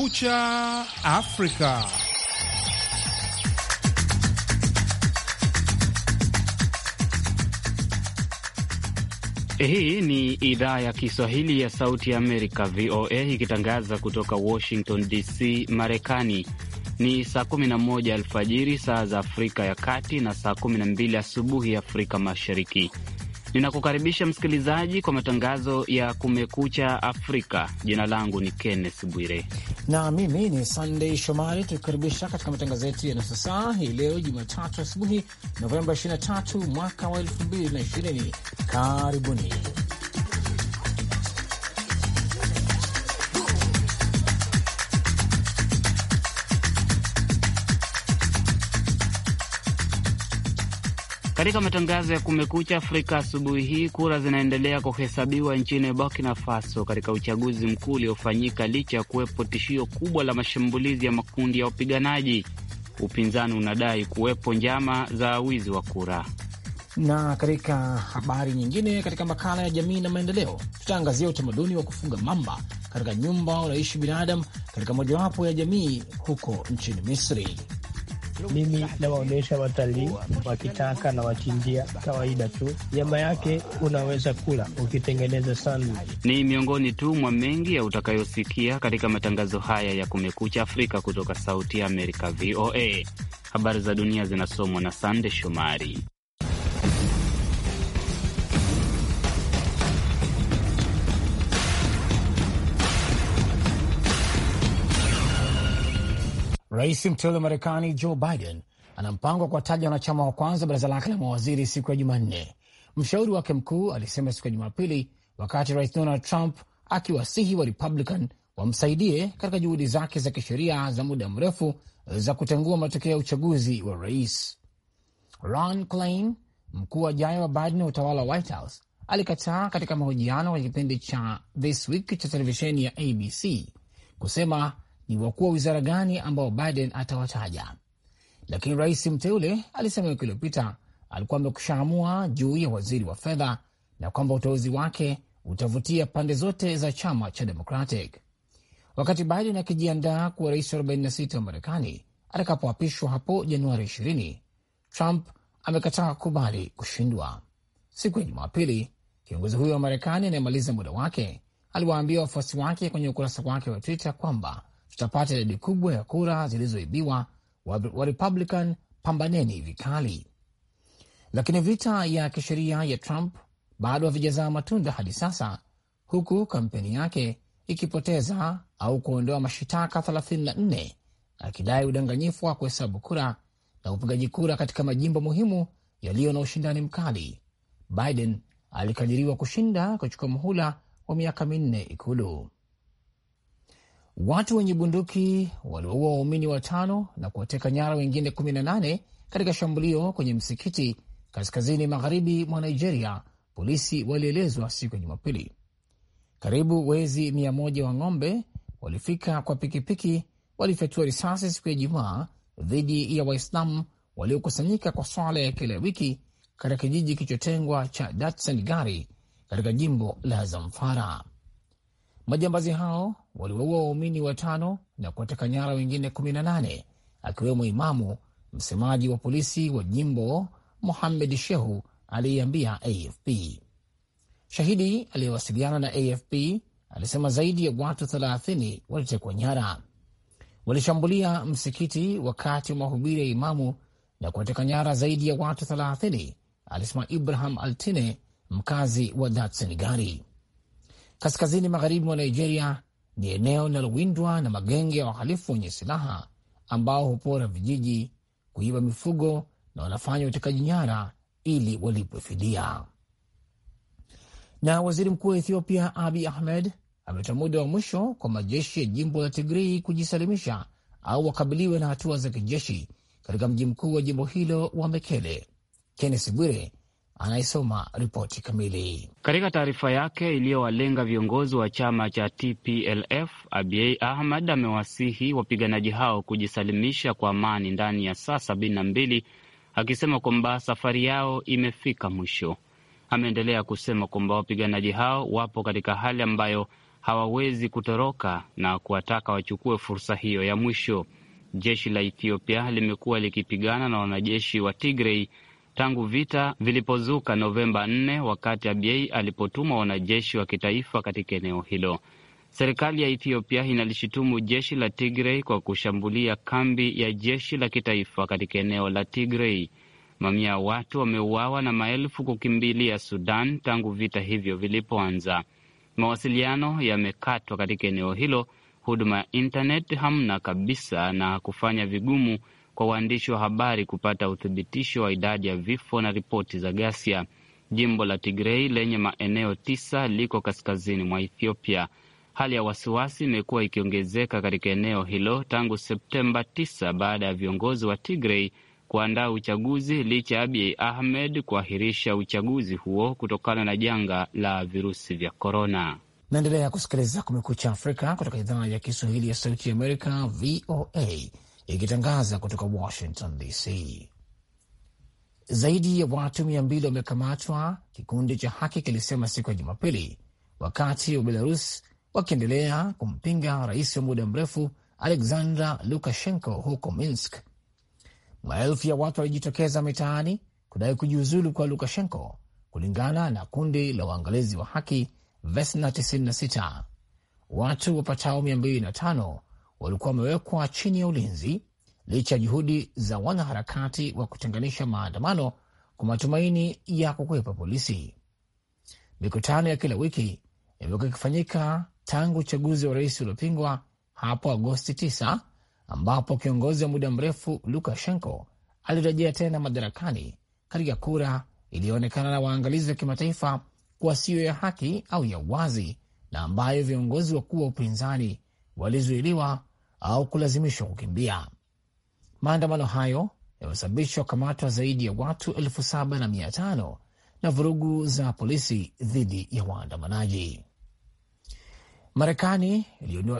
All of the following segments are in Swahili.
Kumekucha Afrika. Hii ni idhaa ya Kiswahili ya Sauti ya Amerika, VOA, ikitangaza kutoka Washington DC, Marekani. Ni saa 11 alfajiri saa za Afrika ya Kati na saa 12 asubuhi Afrika Mashariki. Ninakukaribisha msikilizaji kwa matangazo ya Kumekucha Afrika. Jina langu ni Kenneth Bwire na mimi ni Sandey Shomari, tukikaribisha katika matangazo yetu ya nusu saa hii leo Jumatatu asubuhi Novemba 23 mwaka wa 2020. Karibuni. Katika matangazo ya Kumekucha Afrika asubuhi hii, kura zinaendelea kuhesabiwa nchini Burkina Faso katika uchaguzi mkuu uliofanyika licha ya kuwepo tishio kubwa la mashambulizi ya makundi ya wapiganaji. Upinzani unadai kuwepo njama za wizi wa kura. Na katika habari nyingine, katika makala ya jamii na maendeleo, tutaangazia utamaduni wa kufunga mamba katika nyumba unaishi binadamu katika mojawapo ya jamii huko nchini Misri. Mimi nawaonyesha watalii wakitaka na wachinjia kawaida tu, nyama yake unaweza kula ukitengeneza sandwich. Ni miongoni tu mwa mengi ya utakayosikia katika matangazo haya ya Kumekucha Afrika kutoka Sauti ya Amerika, VOA. Habari za dunia zinasomwa na Sande Shomari. Rais mteule wa Marekani Joe Biden ana mpango wa kuwataja wanachama wa kwanza baraza lake la mawaziri siku ya Jumanne, mshauri wake mkuu alisema siku ya Jumapili, wakati Rais Donald Trump akiwasihi wa Republican wamsaidie katika juhudi zake za kisheria za muda mrefu za kutengua matokeo ya uchaguzi wa rais. Ron Klain, mkuu wa jayo wa Biden wa utawala wa White House, alikataa katika mahojiano kwenye kipindi cha This Week cha televisheni ya ABC kusema ni wakuu wa wizara gani ambao Biden atawataja, lakini rais mteule alisema wiki iliyopita alikuwa amekushaamua juu ya waziri wa fedha na kwamba uteuzi wake utavutia pande zote za chama cha Democratic. Wakati Biden akijiandaa kuwa rais wa 46 wa Marekani atakapoapishwa hapo Januari 20, Trump amekataa kubali kushindwa. Siku ya Jumapili, kiongozi huyo wa Marekani anayemaliza muda wake aliwaambia wafuasi wake kwenye ukurasa wake wa Twitter kwamba tutapata idadi kubwa ya kura zilizoibiwa. Wa Republican, pambaneni vikali. Lakini vita ya kisheria ya Trump bado havijazaa matunda hadi sasa, huku kampeni yake ikipoteza au kuondoa mashitaka 34 akidai udanganyifu wa kuhesabu kura na upigaji kura katika majimbo muhimu yaliyo na ushindani mkali. Biden alikadiriwa kushinda kuchukua muhula wa miaka minne Ikulu. Watu wenye bunduki waliwaua waumini watano na kuwateka nyara wengine 18 katika shambulio kwenye msikiti kaskazini magharibi mwa Nigeria, polisi walielezwa siku ya Jumapili. Karibu wezi mia moja wa ng'ombe walifika kwa pikipiki, walifyatua risasi siku ya Ijumaa dhidi ya Waislamu waliokusanyika kwa swala ya kila wiki katika kijiji kilichotengwa cha Datsan Gari katika jimbo la Zamfara. Majambazi hao waliwaua waumini watano na kuwateka nyara wengine 18 akiwemo imamu. Msemaji wa polisi wa jimbo muhamed Shehu aliiambia AFP. Shahidi aliyewasiliana na AFP alisema zaidi ya watu 30 walitekwa nyara. Walishambulia msikiti wakati wa mahubiri ya imamu na kuwateka nyara zaidi ya watu 30, alisema Ibrahim Altine, mkazi wa Datsenigari. Kaskazini magharibi mwa Nigeria ni eneo linalowindwa na magenge ya wahalifu wenye silaha ambao hupora vijiji, kuiba mifugo na wanafanya utekaji nyara ili walipwe fidia. Na waziri mkuu wa Ethiopia Abi Ahmed ametoa muda wa mwisho kwa majeshi ya jimbo la Tigrei kujisalimisha au wakabiliwe na hatua za kijeshi katika mji mkuu wa jimbo hilo wa Mekele. Kennes Bwire anayesoma ripoti kamili. Katika taarifa yake iliyowalenga viongozi wa chama cha TPLF, Abiy Ahmed amewasihi wapiganaji hao kujisalimisha kwa amani ndani ya saa sabini na mbili akisema kwamba safari yao imefika mwisho. Ameendelea kusema kwamba wapiganaji hao wapo katika hali ambayo hawawezi kutoroka na kuwataka wachukue fursa hiyo ya mwisho. Jeshi la Ethiopia limekuwa likipigana na wanajeshi wa Tigrei tangu vita vilipozuka Novemba 4 wakati Abiy alipotuma wanajeshi wa kitaifa katika eneo hilo. Serikali ya Ethiopia inalishutumu jeshi la Tigrei kwa kushambulia kambi ya jeshi la kitaifa katika eneo la Tigrei. Mamia ya watu wameuawa na maelfu kukimbilia Sudan tangu vita hivyo vilipoanza. Mawasiliano yamekatwa katika eneo hilo, huduma ya intanet hamna kabisa, na kufanya vigumu kwa waandishi wa habari kupata uthibitisho wa idadi ya vifo na ripoti za ghasia. Jimbo la Tigrei lenye maeneo tisa liko kaskazini mwa Ethiopia. Hali ya wasiwasi imekuwa ikiongezeka katika eneo hilo tangu Septemba 9 baada ya viongozi wa Tigrei kuandaa uchaguzi licha ya Abiy Ahmed kuahirisha uchaguzi huo kutokana na janga la virusi vya korona. Naendelea kusikiliza Kumekucha Afrika kutoka idhaa ya Kiswahili ya Sauti ya Amerika, VOA ikitangaza kutoka Washington DC. Zaidi ya watu mia mbili wamekamatwa, kikundi cha haki kilisema siku ya Jumapili, wakati wa Belarus wakiendelea kumpinga rais wa muda mrefu Alexander Lukashenko huko Minsk. Maelfu ya watu walijitokeza mitaani kudai kujiuzulu kwa Lukashenko, kulingana na kundi la waangalizi wa haki Vesna 96. Watu wapatao 205 walikuwa wamewekwa chini ya ulinzi licha ya juhudi za wanaharakati wa kutenganisha maandamano kwa matumaini ya kukwepa polisi. Mikutano ya kila wiki imekuwa ikifanyika tangu uchaguzi wa rais uliopingwa hapo Agosti 9 ambapo kiongozi wa muda mrefu Lukashenko alirejea tena madarakani katika kura iliyoonekana na waangalizi wa kimataifa kuwa siyo ya haki au ya uwazi na ambayo viongozi wakuu wa upinzani walizuiliwa au kulazimishwa kukimbia. Maandamano hayo yamesababisha kukamatwa zaidi ya watu elfu saba na mia tano na vurugu za polisi dhidi ya waandamanaji. Marekani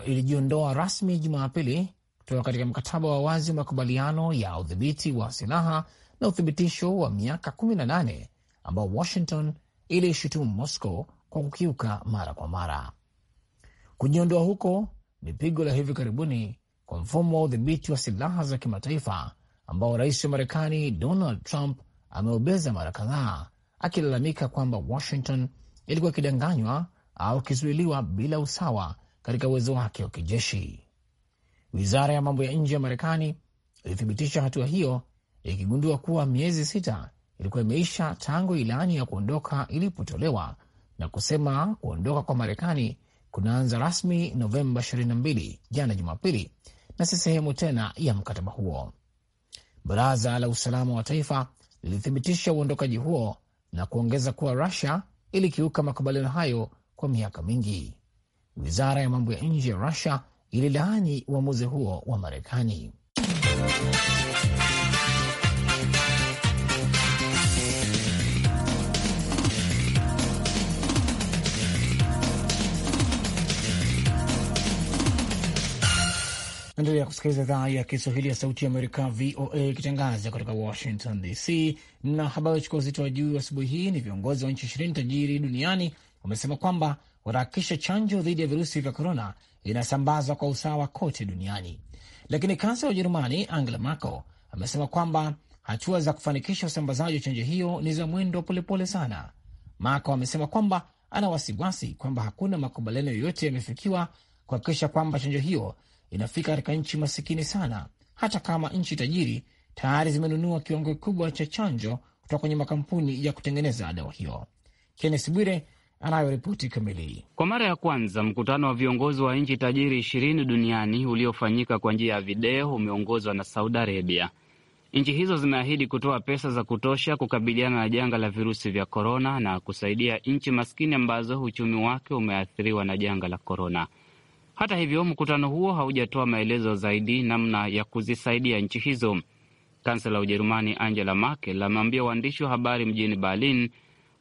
ilijiondoa rasmi Jumapili kutoka katika mkataba wa wazi wa makubaliano ya udhibiti wa silaha na uthibitisho wa miaka 18 ambao Washington ilishutumu Moscow kwa kukiuka mara kwa mara. Kujiondoa huko ni pigo la hivi karibuni kwa mfumo wa udhibiti wa silaha za kimataifa ambao rais wa Marekani Donald Trump ameubeza mara kadhaa, akilalamika kwamba Washington ilikuwa ikidanganywa au ikizuiliwa bila usawa katika uwezo wake wa kijeshi. Wizara ya mambo ya nje ya Marekani ilithibitisha hatua hiyo ikigundua kuwa miezi sita ilikuwa imeisha tangu ilani ya kuondoka ilipotolewa na kusema kuondoka kwa Marekani kunaanza rasmi Novemba 22 jana Jumapili, na si sehemu tena ya mkataba huo. Baraza la usalama wa taifa lilithibitisha uondokaji huo na kuongeza kuwa Rusia ilikiuka makubaliano hayo kwa miaka mingi. Wizara ya mambo ya nje ya Rusia ililaani uamuzi huo wa Marekani. Naendelea kusikiliza idhaa ya Kiswahili ya Sauti ya Amerika, VOA, ikitangaza kutoka Washington DC. Na habari achukua uzito wa juu asubuhi hii ni viongozi wa nchi ishirini tajiri duniani wamesema kwamba watahakikisha chanjo dhidi ya virusi vya korona inasambazwa kwa usawa kote duniani. Lakini kansela wa Ujerumani Angela Merkel amesema kwamba hatua za kufanikisha usambazaji wa chanjo hiyo ni za mwendo wa polepole sana. Merkel amesema kwamba ana wasiwasi kwamba hakuna makubaliano yoyote yamefikiwa kuhakikisha kwamba chanjo hiyo inafika katika nchi masikini sana, hata kama nchi tajiri tayari zimenunua kiwango kikubwa cha chanjo kutoka kwenye makampuni ya kutengeneza dawa hiyo. Kennes Bwire anayo ripoti kamili. Kwa mara ya kwanza mkutano wa viongozi wa nchi tajiri ishirini duniani uliofanyika kwa njia ya video umeongozwa na Saudi Arabia. Nchi hizo zimeahidi kutoa pesa za kutosha kukabiliana na janga la virusi vya korona na kusaidia nchi maskini ambazo uchumi wake umeathiriwa na janga la korona. Hata hivyo, mkutano huo haujatoa maelezo zaidi namna ya kuzisaidia nchi hizo. Kansela wa Ujerumani Angela Merkel ameambia waandishi wa habari mjini Berlin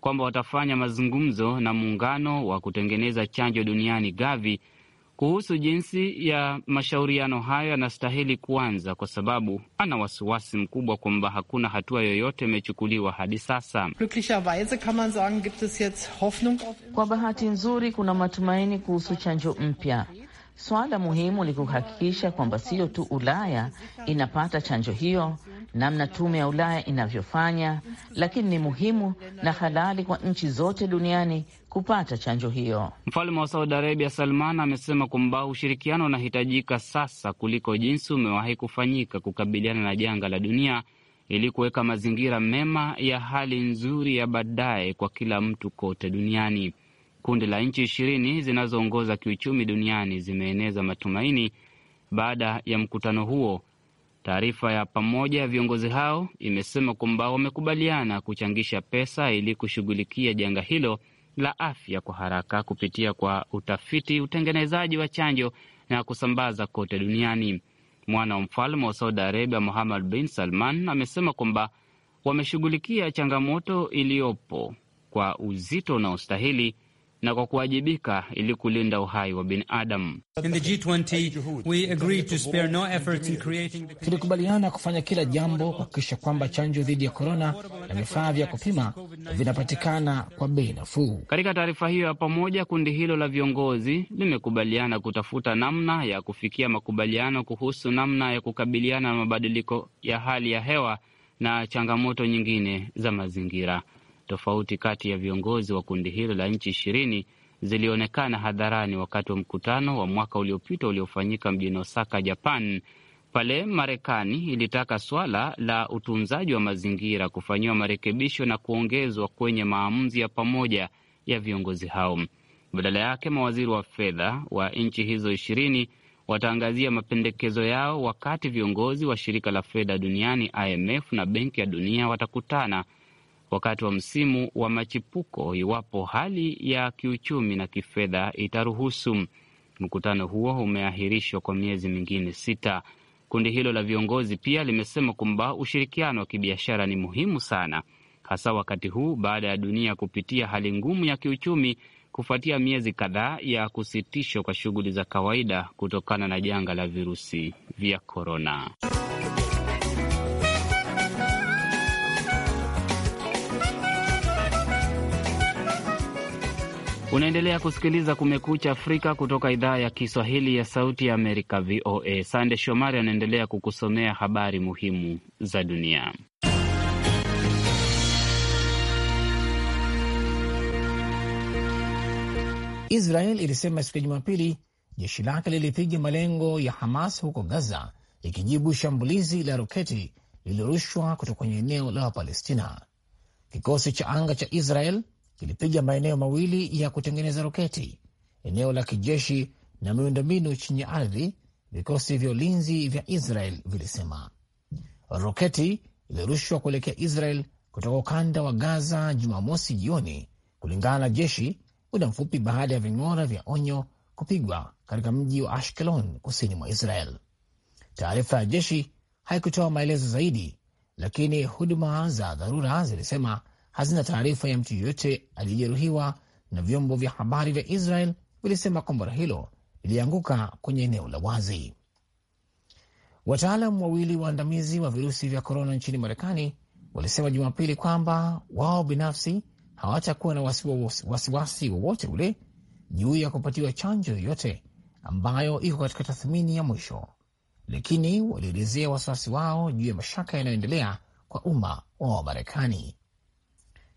kwamba watafanya mazungumzo na muungano wa kutengeneza chanjo duniani Gavi kuhusu jinsi ya mashauriano hayo yanastahili kuanza, kwa sababu ana wasiwasi mkubwa kwamba hakuna hatua yoyote imechukuliwa hadi sasa. Kwa bahati nzuri, kuna matumaini kuhusu chanjo mpya. Swala muhimu ni kuhakikisha kwamba sio tu Ulaya inapata chanjo hiyo namna tume ya Ulaya inavyofanya, lakini ni muhimu na halali kwa nchi zote duniani kupata chanjo hiyo. Mfalme wa Saudi Arabia Salman amesema kwamba ushirikiano unahitajika sasa kuliko jinsi umewahi kufanyika kukabiliana na janga la dunia ili kuweka mazingira mema ya hali nzuri ya baadaye kwa kila mtu kote duniani. Kundi la nchi ishirini zinazoongoza kiuchumi duniani zimeeneza matumaini baada ya mkutano huo. Taarifa ya pamoja ya viongozi hao imesema kwamba wamekubaliana kuchangisha pesa ili kushughulikia janga hilo la afya kwa haraka kupitia kwa utafiti, utengenezaji wa chanjo na kusambaza kote duniani. Mwana wa mfalme wa Saudi Arabia Muhammad bin Salman amesema kwamba wameshughulikia changamoto iliyopo kwa uzito unaostahili na kwa kuwajibika ili kulinda uhai wa binadamu. Tulikubaliana kufanya kila jambo kuhakikisha kwamba chanjo dhidi ya korona na vifaa vya kupima vinapatikana kwa bei nafuu. Katika taarifa hiyo ya pamoja, kundi hilo la viongozi limekubaliana kutafuta namna ya kufikia makubaliano kuhusu namna ya kukabiliana na mabadiliko ya hali ya hewa na changamoto nyingine za mazingira. Tofauti kati ya viongozi wa kundi hilo la nchi ishirini zilionekana hadharani wakati wa mkutano wa mwaka uliopita uliofanyika mjini Osaka, Japan, pale Marekani ilitaka swala la utunzaji wa mazingira kufanyiwa marekebisho na kuongezwa kwenye maamuzi ya pamoja ya viongozi hao. Badala yake mawaziri wa fedha wa nchi hizo ishirini wataangazia mapendekezo yao wakati viongozi wa shirika la fedha duniani IMF na benki ya dunia watakutana wakati wa msimu wa machipuko iwapo hali ya kiuchumi na kifedha itaruhusu. Mkutano huo umeahirishwa kwa miezi mingine sita. Kundi hilo la viongozi pia limesema kwamba ushirikiano wa kibiashara ni muhimu sana, hasa wakati huu baada ya dunia kupitia hali ngumu ya kiuchumi kufuatia miezi kadhaa ya kusitishwa kwa shughuli za kawaida kutokana na janga la virusi vya korona. Unaendelea kusikiliza Kumekucha Afrika kutoka idhaa ya Kiswahili ya Sauti ya Amerika, VOA. Sande Shomari anaendelea kukusomea habari muhimu za dunia. Israel ilisema siku ya Jumapili jeshi lake lilipiga malengo ya Hamas huko Gaza, likijibu shambulizi la roketi lililorushwa kutoka kwenye eneo la Wapalestina. Kikosi cha anga cha Israel kilipiga maeneo mawili ya kutengeneza roketi, eneo la kijeshi na miundombinu chini ya ardhi, vikosi vya ulinzi vya Israel vilisema. Roketi ilirushwa kuelekea Israel kutoka ukanda wa Gaza Jumamosi jioni, kulingana na jeshi, muda mfupi baada ya ving'ora vya onyo kupigwa katika mji wa Ashkelon kusini mwa Israel. Taarifa ya jeshi haikutoa maelezo zaidi, lakini huduma za dharura zilisema hazina taarifa ya mtu yeyote aliyejeruhiwa, na vyombo vya habari vya Israel vilisema kombora hilo lilianguka kwenye eneo la wazi. Wataalam wawili waandamizi wa virusi vya korona nchini Marekani walisema Jumapili kwamba wao binafsi hawatakuwa na wasiwasi wowote ule juu ya kupatiwa chanjo yoyote ambayo iko katika tathmini ya mwisho, lakini walielezea wasiwasi wao juu ya mashaka yanayoendelea kwa umma wa Wamarekani.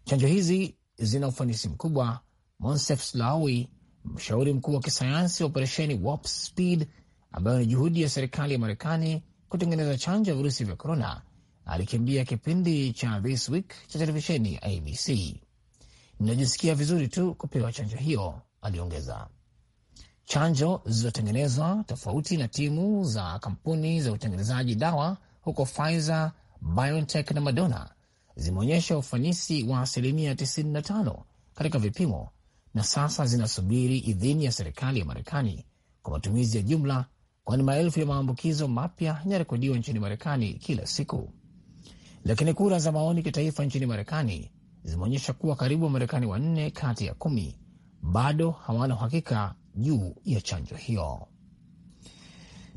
Chanjo hizi zina ufanisi mkubwa. Monsef Slawi, mshauri mkuu wa kisayansi wa operesheni Warp Speed, ambayo ni juhudi ya serikali ya Marekani kutengeneza chanjo ya virusi vya korona, alikiambia kipindi cha This Week cha televisheni ya ABC. Ninajisikia vizuri tu kupewa chanjo hiyo, aliongeza. Chanjo zilizotengenezwa tofauti na timu za kampuni za utengenezaji dawa huko Pfizer, BioNTech na Moderna zimeonyesha ufanisi wa asilimia 95 katika vipimo na sasa zinasubiri idhini ya serikali ya Marekani kwa matumizi ya jumla, kwani maelfu ya maambukizo mapya yanarekodiwa nchini Marekani kila siku. Lakini kura za maoni kitaifa nchini Marekani zimeonyesha kuwa karibu Wamarekani wanne kati ya kumi bado hawana uhakika juu ya chanjo hiyo.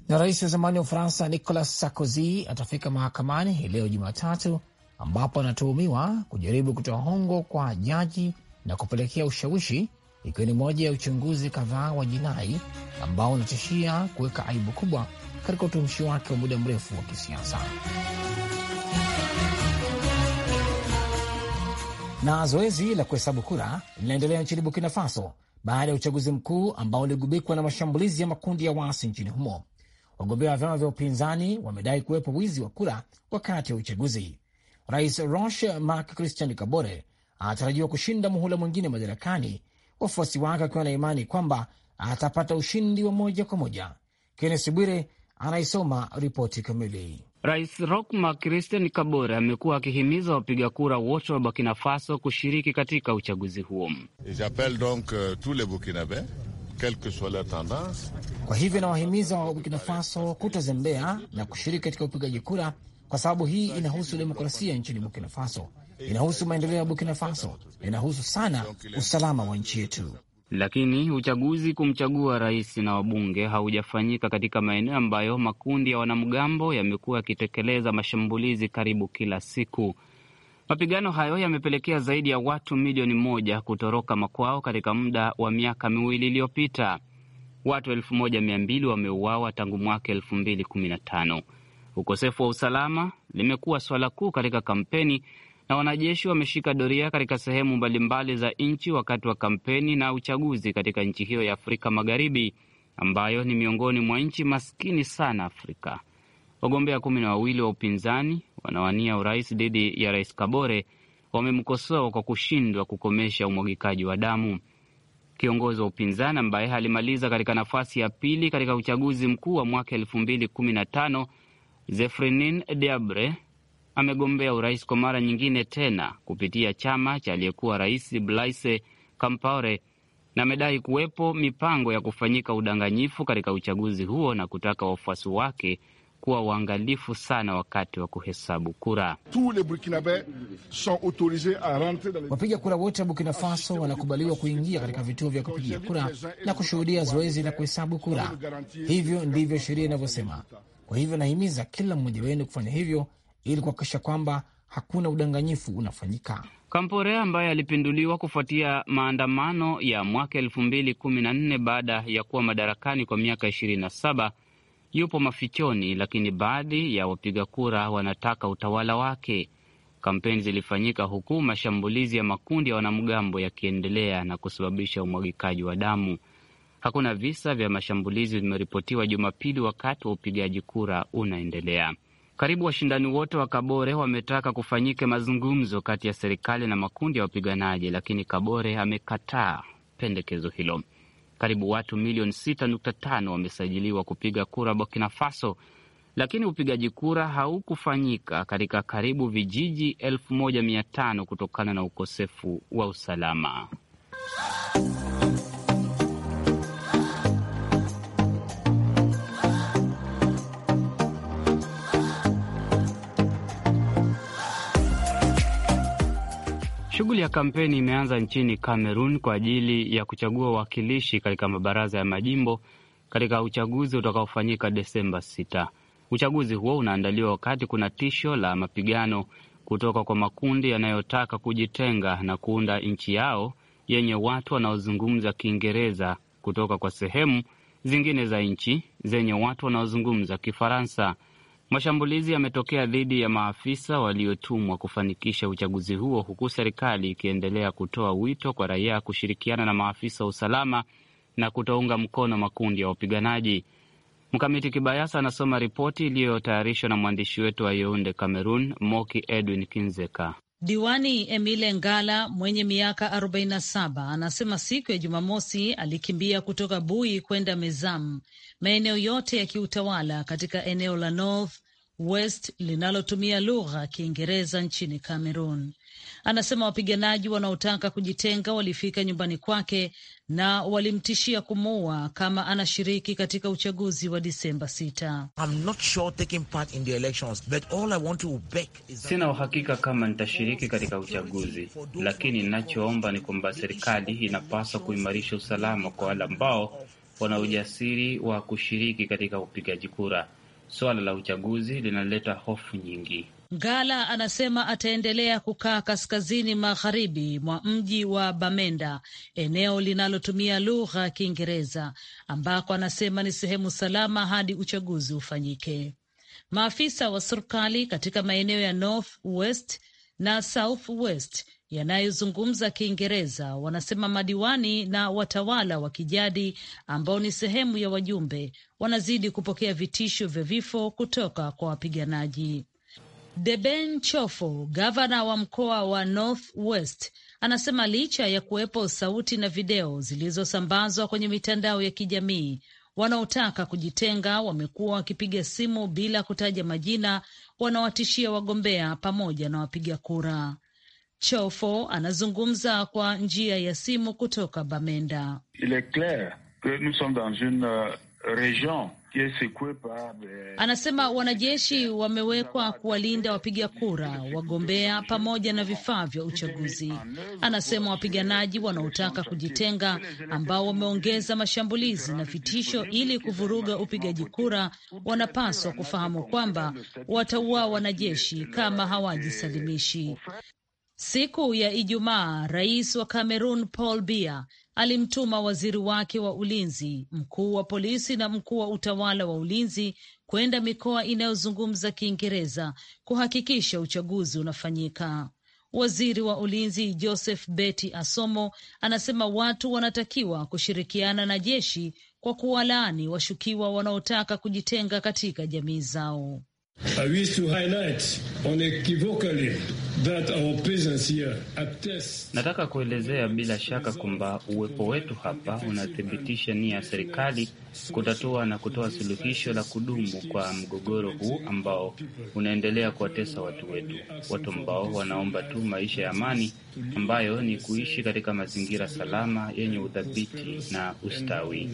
Na rais wa zamani wa Ufaransa Nicolas Sarkozy atafika mahakamani hii leo Jumatatu ambapo anatuhumiwa kujaribu kutoa hongo kwa jaji na kupelekea ushawishi, ikiwa ni moja ya uchunguzi kadhaa wa jinai ambao unatishia kuweka aibu kubwa katika utumishi wake wa muda mrefu wa kisiasa. Na zoezi la kuhesabu kura linaendelea nchini Burkina Faso baada ya uchaguzi mkuu ambao uligubikwa na mashambulizi ya makundi ya waasi nchini humo. Wagombea wa vyama vya upinzani wamedai kuwepo wizi wa kura wakati wa uchaguzi. Rais Roch Marc Christian Kabore anatarajiwa kushinda muhula mwingine madarakani, wafuasi wake wakiwa na imani kwamba atapata ushindi wa moja kwa moja. Kennes Bwire anaisoma ripoti kamili. Rais Roch Marc Christian Kabore amekuwa akihimiza wapiga kura wote wa Burkina Faso kushiriki katika uchaguzi huo. Euh, kwa hivyo nawahimiza wa Burkina Faso kutazembea na kushiriki katika upigaji kura kwa sababu hii inahusu demokrasia nchini Burkina Faso, inahusu maendeleo ya Burkina Faso na inahusu sana usalama wa nchi yetu. Lakini uchaguzi kumchagua rais na wabunge haujafanyika katika maeneo ambayo makundi ya wanamgambo yamekuwa yakitekeleza mashambulizi karibu kila siku. Mapigano hayo yamepelekea zaidi ya watu milioni moja kutoroka makwao katika muda wa miaka miwili iliyopita. Watu elfu moja mia mbili wameuawa tangu mwaka elfu mbili kumi na tano. Ukosefu wa usalama limekuwa swala kuu katika kampeni na wanajeshi wameshika doria katika sehemu mbalimbali za nchi wakati wa kampeni na uchaguzi katika nchi hiyo ya Afrika Magharibi ambayo ni miongoni mwa nchi maskini sana Afrika. Wagombea kumi na wawili wa upinzani wanawania urais dhidi ya Rais Kabore wamemkosoa kwa kushindwa kukomesha umwagikaji wa damu. Kiongozi wa upinzani ambaye alimaliza katika nafasi ya pili katika uchaguzi mkuu wa mwaka elfu mbili kumi na tano Zefrinin Diabre amegombea urais kwa mara nyingine tena kupitia chama cha aliyekuwa rais Blaise Compaore na amedai kuwepo mipango ya kufanyika udanganyifu katika uchaguzi huo na kutaka wafuasi wake kuwa waangalifu sana wakati wa kuhesabu kura. Wapiga kura wote wa Burkina Faso wanakubaliwa kuingia katika vituo vya kupigia kura na kushuhudia zoezi la kuhesabu kura. Hivyo ndivyo sheria inavyosema. Kwa hivyo nahimiza kila mmoja wenu kufanya hivyo ili kuhakikisha kwamba hakuna udanganyifu unafanyika. Kampore ambaye alipinduliwa kufuatia maandamano ya mwaka elfu mbili kumi na nne baada ya kuwa madarakani kwa miaka ishirini na saba yupo mafichoni, lakini baadhi ya wapiga kura wanataka utawala wake. Kampeni zilifanyika huku mashambulizi ya makundi ya wanamgambo yakiendelea na kusababisha umwagikaji wa damu. Hakuna visa vya mashambulizi vimeripotiwa Jumapili wakati wa upigaji kura unaendelea. Karibu washindani wote wa Kabore wametaka kufanyike mazungumzo kati ya serikali na makundi ya wapiganaji, lakini Kabore amekataa pendekezo hilo. Karibu watu milioni 6.5 wamesajiliwa kupiga kura Burkina Faso, lakini upigaji kura haukufanyika katika karibu vijiji 1500 kutokana na ukosefu wa usalama. Shughuli ya kampeni imeanza nchini Kamerun kwa ajili ya kuchagua wakilishi katika mabaraza ya majimbo katika uchaguzi utakaofanyika Desemba 6. Uchaguzi huo unaandaliwa wakati kuna tisho la mapigano kutoka kwa makundi yanayotaka kujitenga na kuunda nchi yao yenye watu wanaozungumza Kiingereza kutoka kwa sehemu zingine za nchi zenye watu wanaozungumza Kifaransa. Mashambulizi yametokea dhidi ya maafisa waliotumwa kufanikisha uchaguzi huo, huku serikali ikiendelea kutoa wito kwa raia kushirikiana na maafisa wa usalama na kutounga mkono makundi ya wapiganaji. Mkamiti Kibayasa anasoma ripoti iliyotayarishwa na mwandishi wetu wa Yeunde, cameron Moki Edwin Kinzeka. Diwani Emile Ngala mwenye miaka 47 anasema siku ya Jumamosi alikimbia kutoka Bui kwenda Mezam, maeneo yote ya kiutawala katika eneo la North West linalotumia lugha ya Kiingereza nchini Cameroon. Anasema wapiganaji wanaotaka kujitenga walifika nyumbani kwake na walimtishia kumuua kama anashiriki katika uchaguzi wa Disemba 6. Sina uhakika kama nitashiriki katika uchaguzi, lakini ninachoomba ni kwamba serikali inapaswa kuimarisha usalama kwa wale ambao wana ujasiri wa kushiriki katika upigaji kura. Suala la uchaguzi linaleta hofu nyingi. Ngala anasema ataendelea kukaa kaskazini magharibi mwa mji wa Bamenda, eneo linalotumia lugha ya Kiingereza, ambako anasema ni sehemu salama hadi uchaguzi ufanyike. Maafisa wa serikali katika maeneo ya North West na South West yanayozungumza Kiingereza wanasema madiwani na watawala wa kijadi ambao ni sehemu ya wajumbe wanazidi kupokea vitisho vya vifo kutoka kwa wapiganaji. Deben Chofo, gavana wa mkoa wa North West, anasema licha ya kuwepo sauti na video zilizosambazwa kwenye mitandao ya kijamii, wanaotaka kujitenga wamekuwa wakipiga simu bila kutaja majina, wanawatishia wagombea pamoja na wapiga kura. Chofo anazungumza kwa njia ya simu kutoka Bamenda. Il est clair que nous sommes dans une euh, region Eh, Anasema wanajeshi wamewekwa kuwalinda wapiga kura, wagombea, pamoja na vifaa vya uchaguzi. Anasema wapiganaji wanaotaka kujitenga, ambao wameongeza mashambulizi na vitisho ili kuvuruga upigaji kura, wanapaswa kufahamu kwamba watauawa wanajeshi kama hawajisalimishi. Siku ya Ijumaa, rais wa Cameroon Paul Biya alimtuma waziri wake wa ulinzi, mkuu wa polisi na mkuu wa utawala wa ulinzi kwenda mikoa inayozungumza Kiingereza kuhakikisha uchaguzi unafanyika. Waziri wa ulinzi Joseph Beti Asomo anasema watu wanatakiwa kushirikiana na jeshi kwa kuwalaani washukiwa wanaotaka kujitenga katika jamii zao. Ah Nataka kuelezea bila shaka kwamba uwepo wetu hapa unathibitisha nia ya serikali kutatua na kutoa suluhisho la kudumu kwa mgogoro huu ambao unaendelea kuwatesa watu wetu, watu ambao wanaomba tu maisha ya amani ambayo ni kuishi katika mazingira salama yenye uthabiti na ustawi.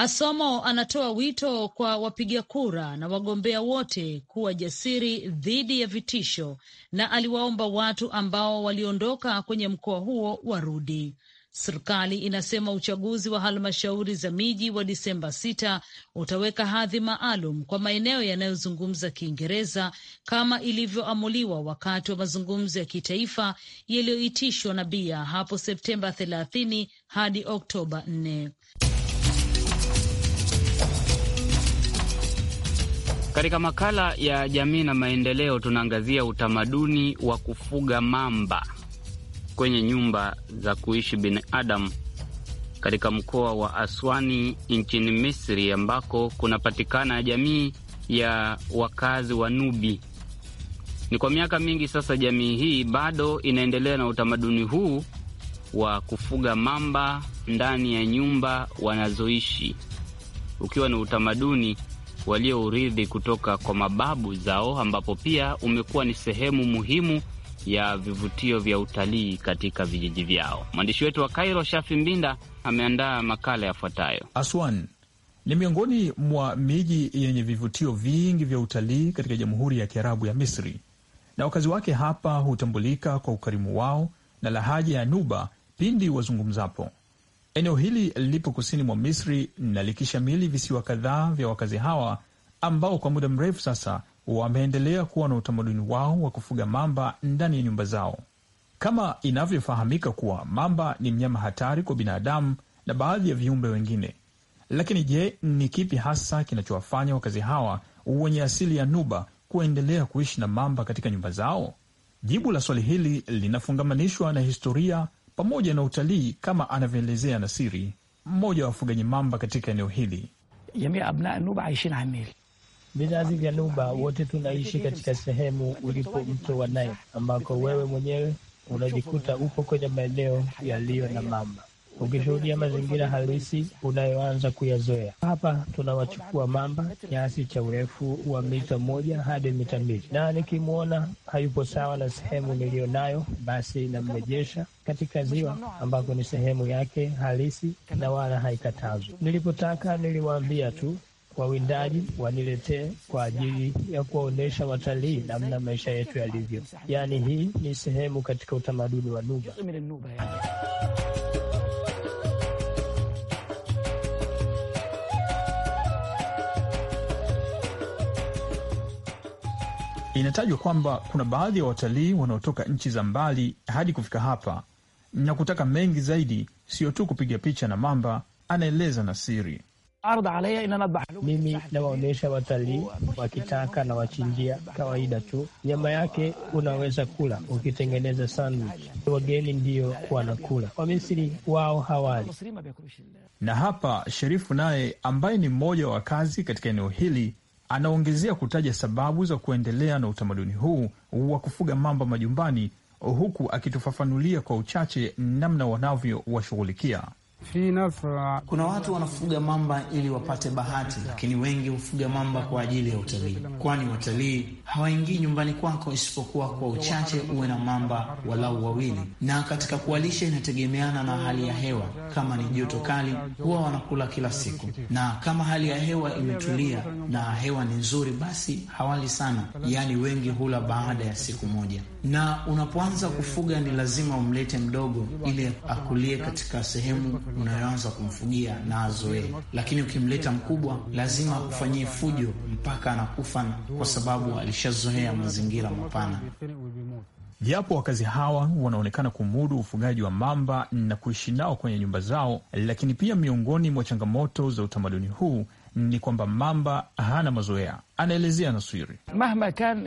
Asomo anatoa wito kwa wapiga kura na wagombea wote kuwa jasiri dhidi ya vitisho, na aliwaomba watu ambao waliondoka kwenye mkoa huo warudi. Serikali inasema uchaguzi wa halmashauri za miji wa Disemba 6 utaweka hadhi maalum kwa maeneo yanayozungumza Kiingereza kama ilivyoamuliwa wakati wa mazungumzo ya kitaifa yaliyoitishwa na bia hapo Septemba 30 hadi Oktoba nne Katika makala ya jamii na maendeleo, tunaangazia utamaduni wa kufuga mamba kwenye nyumba za kuishi binadamu katika mkoa wa Aswani nchini Misri, ambako kunapatikana jamii ya wakazi wa Nubi. Ni kwa miaka mingi sasa jamii hii bado inaendelea na utamaduni huu wa kufuga mamba ndani ya nyumba wanazoishi, ukiwa ni utamaduni waliourithi kutoka kwa mababu zao, ambapo pia umekuwa ni sehemu muhimu ya vivutio vya utalii katika vijiji vyao. Mwandishi wetu wa Kairo, Shafi Mbinda, ameandaa makala yafuatayo. Aswan ni miongoni mwa miji yenye vivutio vingi vya utalii katika Jamhuri ya Kiarabu ya Misri, na wakazi wake hapa hutambulika kwa ukarimu wao na lahaja ya Nuba pindi wazungumzapo. Eneo hili lipo kusini mwa Misri na likishamili visiwa kadhaa vya wakazi hawa ambao kwa muda mrefu sasa wameendelea kuwa na utamaduni wao wa kufuga mamba ndani ya nyumba zao. Kama inavyofahamika kuwa mamba ni mnyama hatari kwa binadamu na baadhi ya viumbe wengine. Lakini je, ni kipi hasa kinachowafanya wakazi hawa wenye asili ya Nuba kuendelea kuishi na mamba katika nyumba zao? Jibu la swali hili linafungamanishwa na historia pamoja na utalii, kama anavyoelezea Nasiri, mmoja wa wafugaji mamba katika eneo hili. Vizazi vya Nuba wote tunaishi katika sehemu ulipo mto wa Nile ambako wewe mwenyewe unajikuta upo kwenye maeneo yaliyo na mamba ukishuhudia mazingira halisi unayoanza kuyazoea. Hapa tunawachukua mamba kiasi cha urefu wa mita moja hadi mita mbili, na nikimwona hayupo sawa na sehemu niliyo nayo basi namrejesha katika ziwa ambako ni sehemu yake halisi na wala haikatazwi. Nilipotaka niliwaambia tu wawindaji waniletee kwa ajili ya kuwaonyesha watalii namna maisha yetu yalivyo. Yaani, hii ni sehemu katika utamaduni wa Nuba. Inatajwa kwamba kuna baadhi ya watalii wanaotoka nchi za mbali hadi kufika hapa na kutaka mengi zaidi, sio tu kupiga picha na mamba, anaeleza Nasiri. Mimi nawaonyesha watalii wakitaka na wachinjia kawaida tu, nyama yake unaweza kula ukitengeneza sandwich. Wageni ndio wanakula, Wamisri wao hawali. Na hapa Sherifu naye ambaye ni mmoja wa wakazi katika eneo hili Anaongezea kutaja sababu za kuendelea na utamaduni huu wa kufuga mamba majumbani, huku akitufafanulia kwa uchache namna wanavyowashughulikia. Kuna watu wanafuga mamba ili wapate bahati, lakini wengi hufuga mamba kwa ajili ya utalii, kwani watalii hawaingii nyumbani kwako isipokuwa kwa uchache uwe na mamba walau wawili. Na katika kuwalisha inategemeana na hali ya hewa. Kama ni joto kali, huwa wanakula kila siku, na kama hali ya hewa imetulia na hewa ni nzuri, basi hawali sana, yaani wengi hula baada ya siku moja na unapoanza kufuga ni lazima umlete mdogo ili akulie katika sehemu unayoanza kumfugia na azoee, lakini ukimleta mkubwa lazima akufanyie fujo mpaka anakufa, kwa sababu alishazoea mazingira mapana. Japo wakazi hawa wanaonekana kumudu ufugaji wa mamba na kuishi nao kwenye nyumba zao, lakini pia miongoni mwa changamoto za utamaduni huu ni kwamba mamba hana mazoea. Anaelezea Naswiri, mahma kan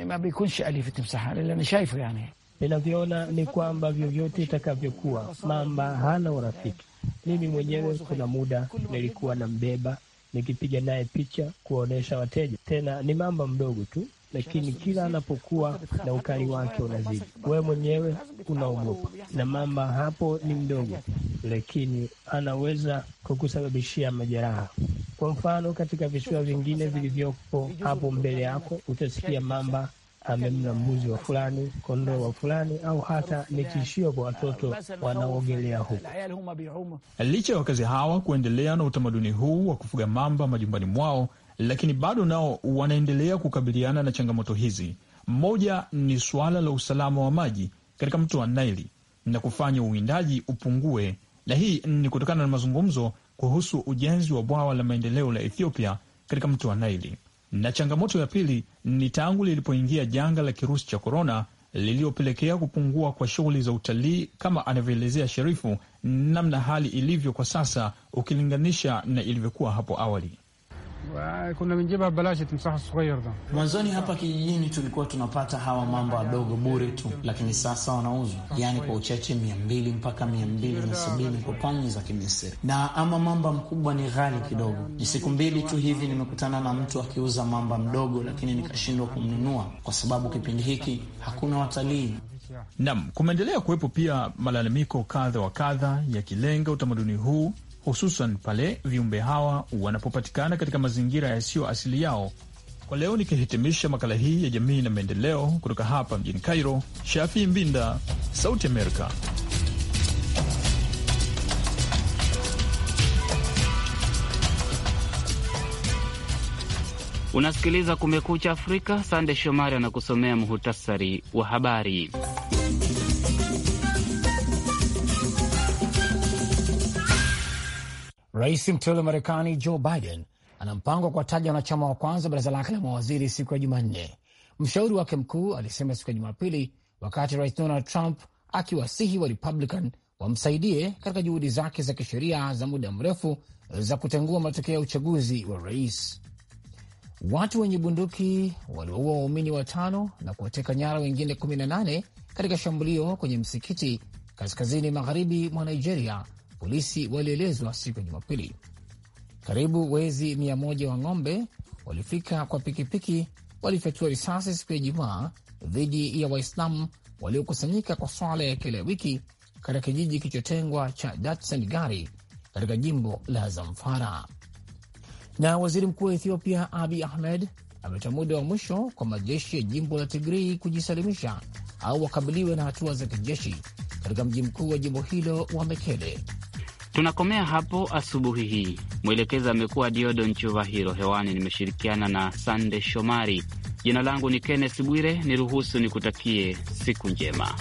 yani ninavyoona ni kwamba vyovyote itakavyokuwa, mamba hana urafiki. Mimi mwenyewe kuna muda nilikuwa na mbeba nikipiga naye picha kuwaonyesha wateja, tena ni mamba mdogo tu lakini kila anapokuwa na ukali wake unazidi, wewe mwenyewe unaogopa, na mamba hapo ni mdogo, lakini anaweza kukusababishia majeraha. Kwa mfano, katika visiwa vingine vilivyopo hapo mbele yako utasikia mamba amemna mbuzi wa fulani, kondoo wa fulani, au hata ni tishio kwa watoto wanaoogelea huko. Licha ya wakazi hawa kuendelea na utamaduni huu wa kufuga mamba majumbani mwao lakini bado nao wanaendelea kukabiliana na changamoto hizi. Mmoja ni suala la usalama wa maji katika mto wa Naili na kufanya uwindaji upungue, na hii ni kutokana na mazungumzo kuhusu ujenzi wa bwawa la maendeleo la Ethiopia katika mto wa Naili. Na changamoto ya pili ni tangu lilipoingia janga la kirusi cha korona liliyopelekea kupungua kwa shughuli za utalii, kama anavyoelezea Sherifu namna hali ilivyo kwa sasa ukilinganisha na ilivyokuwa hapo awali kuna mingine balashi tumsaha sughayr da. Mwanzoni hapa kijijini tulikuwa tunapata hawa mambo wadogo bure tu, lakini sasa wanauzwa, yaani kwa uchache mia mbili mpaka mia mbili na sabini kwa pauni za Kimisri, na ama mamba mkubwa ni ghali kidogo. Ni siku mbili tu hivi nimekutana na mtu akiuza mamba mdogo, lakini nikashindwa kumnunua kwa sababu kipindi hiki hakuna watalii. Nam, kumeendelea kuwepo pia malalamiko kadha wa kadha yakilenga utamaduni huu hususan pale viumbe hawa wanapopatikana katika mazingira yasiyo asili yao. Kwa leo nikihitimisha makala hii ya jamii na maendeleo kutoka hapa mjini Cairo, Shafi Mbinda, Sauti Amerika. Unasikiliza Kumekucha Afrika. Sande Shomari anakusomea muhutasari wa habari. Rais mteule wa Marekani Joe Biden ana mpango wa kuwataja wanachama wa kwanza baraza lake la mawaziri siku ya Jumanne, mshauri wake mkuu alisema siku ya Jumapili, wakati Rais Donald Trump akiwasihi wa Republican wamsaidie katika juhudi zake za kisheria za muda mrefu za kutengua matokeo ya uchaguzi wa rais. Watu wenye bunduki waliwaua waumini watano na kuwateka nyara wengine 18 katika shambulio kwenye msikiti kaskazini magharibi mwa Nigeria polisi walielezwa siku ya Jumapili. Karibu wezi mia moja wa ng'ombe walifika kwa pikipiki, walifyatua risasi siku ya Ijumaa dhidi ya Waislamu waliokusanyika kwa swala ya kila wiki katika kijiji kilichotengwa cha datsenigari katika jimbo la Zamfara. Na waziri mkuu wa Ethiopia Abi Ahmed ametoa muda wa mwisho kwa majeshi ya jimbo la Tigrei kujisalimisha au wakabiliwe na hatua za kijeshi katika mji mkuu wa jimbo hilo wa Mekele Tunakomea hapo asubuhi hii. Mwelekezi amekuwa Diodon Chuvahiro. Hewani nimeshirikiana na Sande Shomari. Jina langu ni kennes Bwire, niruhusu nikutakie siku njema.